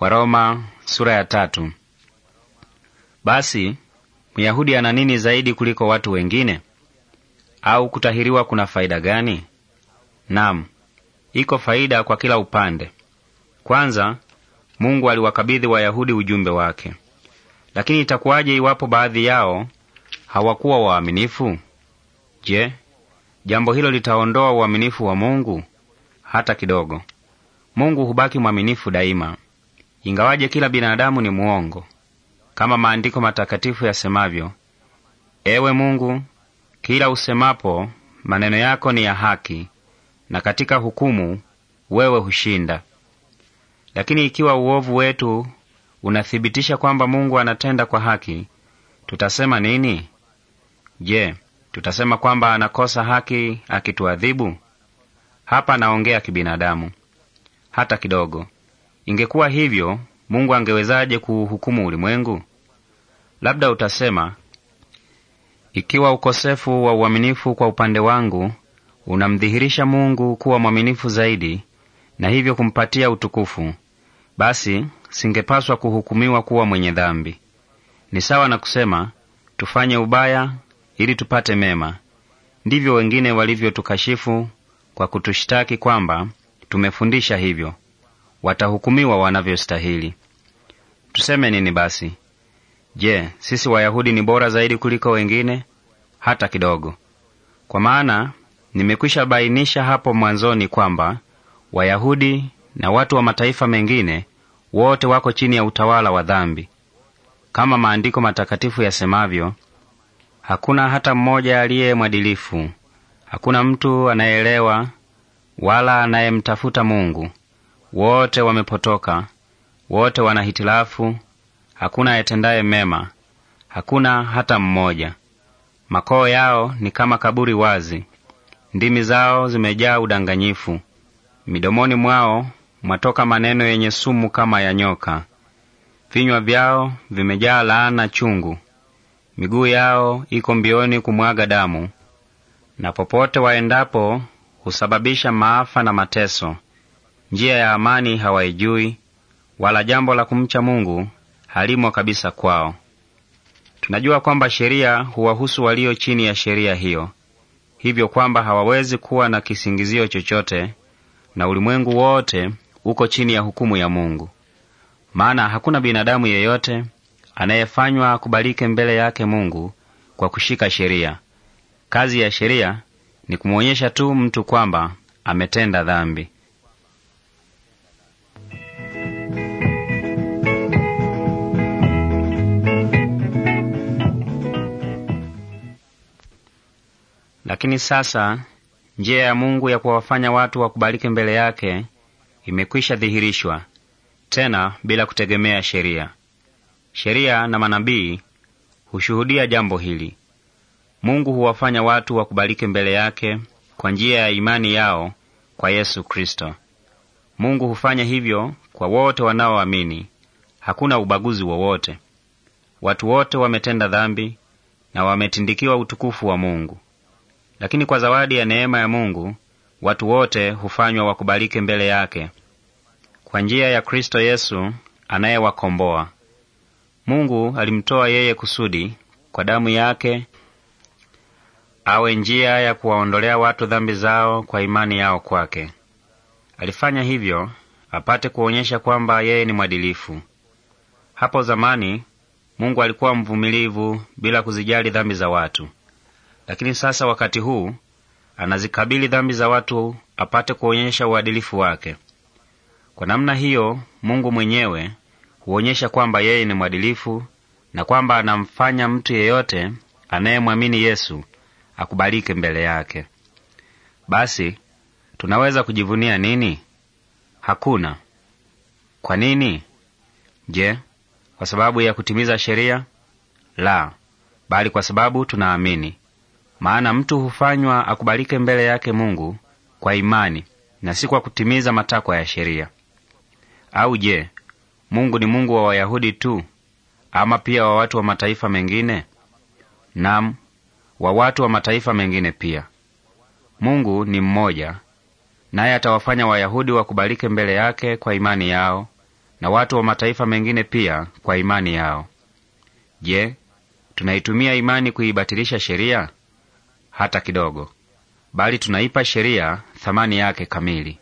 Waroma sura ya tatu. Basi Myahudi ana nini zaidi kuliko watu wengine? Au kutahiriwa kuna faida gani? Naam, iko faida kwa kila upande. Kwanza, Mungu aliwakabidhi Wayahudi ujumbe wake. Lakini itakuwaje iwapo baadhi yao hawakuwa waaminifu? Je, jambo hilo litaondoa uaminifu wa Mungu? Hata kidogo. Mungu hubaki mwaminifu daima. Ingawaje kila binadamu ni muongo kama maandiko matakatifu yasemavyo, ewe Mungu, kila usemapo maneno yako ni ya haki, na katika hukumu wewe hushinda. Lakini ikiwa uovu wetu unathibitisha kwamba Mungu anatenda kwa haki, tutasema nini? Je, tutasema kwamba anakosa haki akituadhibu? Hapa naongea kibinadamu hata kidogo. Ingekuwa hivyo, Mungu angewezaje kuuhukumu ulimwengu? Labda utasema, ikiwa ukosefu wa uaminifu kwa upande wangu unamdhihirisha Mungu kuwa mwaminifu zaidi na hivyo kumpatia utukufu, basi singepaswa kuhukumiwa kuwa mwenye dhambi. Ni sawa na kusema tufanye ubaya ili tupate mema. Ndivyo wengine walivyotukashifu kwa kutushtaki kwamba tumefundisha hivyo watahukumiwa wanavyostahili. Tuseme nini basi? Je, sisi Wayahudi ni bora zaidi kuliko wengine? Hata kidogo! Kwa maana nimekwisha bainisha hapo mwanzoni kwamba Wayahudi na watu wa mataifa mengine wote wako chini ya utawala wa dhambi. Kama maandiko matakatifu yasemavyo, hakuna hata mmoja aliye mwadilifu, hakuna mtu anayeelewa wala anayemtafuta Mungu. Wote wamepotoka, wote wana hitilafu, hakuna yatendaye mema, hakuna hata mmoja. Makoo yao ni kama kaburi wazi, ndimi zao zimejaa udanganyifu, midomoni mwao mwatoka maneno yenye sumu kama ya nyoka. Vinywa vyao vimejaa laana chungu, miguu yao iko mbioni kumwaga damu, na popote waendapo husababisha maafa na mateso. Njia ya amani hawaijui, wala jambo la kumcha Mungu halimo kabisa kwao. Tunajua kwamba sheria huwahusu walio chini ya sheria hiyo, hivyo kwamba hawawezi kuwa na kisingizio chochote, na ulimwengu wote uko chini ya hukumu ya Mungu, maana hakuna binadamu yeyote anayefanywa akubalike mbele yake Mungu kwa kushika sheria. Kazi ya sheria ni kumwonyesha tu mtu kwamba ametenda dhambi. Lakini sasa njia ya Mungu ya kuwafanya watu wakubalike mbele yake imekwisha dhihirishwa, tena bila kutegemea sheria. Sheria na manabii hushuhudia jambo hili. Mungu huwafanya watu wakubalike mbele yake kwa njia ya imani yao kwa Yesu Kristo. Mungu hufanya hivyo kwa wote wanaoamini. Hakuna ubaguzi wowote. Watu wote wametenda dhambi na wametindikiwa utukufu wa Mungu. Lakini kwa zawadi ya neema ya Mungu watu wote hufanywa wakubalike mbele yake kwa njia ya Kristo Yesu anayewakomboa. Mungu alimtoa yeye kusudi kwa damu yake awe njia ya kuwaondolea watu dhambi zao kwa imani yao kwake. Alifanya hivyo apate kuonyesha kwamba yeye ni mwadilifu. Hapo zamani Mungu alikuwa mvumilivu bila kuzijali dhambi za watu lakini sasa wakati huu anazikabili dhambi za watu apate kuonyesha uadilifu wake. Kwa namna hiyo, Mungu mwenyewe huonyesha kwamba yeye ni mwadilifu na kwamba anamfanya mtu yeyote anayemwamini Yesu akubalike mbele yake. Basi tunaweza kujivunia nini? Hakuna. Kwa nini? Je, kwa sababu ya kutimiza sheria? La, bali kwa sababu tunaamini. Maana mtu hufanywa akubalike mbele yake Mungu kwa imani na si kwa kutimiza matakwa ya sheria. Au je, Mungu ni Mungu wa Wayahudi tu ama pia wa watu wa mataifa mengine? nam wa watu wa mataifa mengine pia. Mungu ni mmoja, naye atawafanya Wayahudi wakubalike mbele yake kwa imani yao na watu wa mataifa mengine pia kwa imani yao. Je, tunaitumia imani kuibatilisha sheria? hata kidogo, bali tunaipa sheria thamani yake kamili.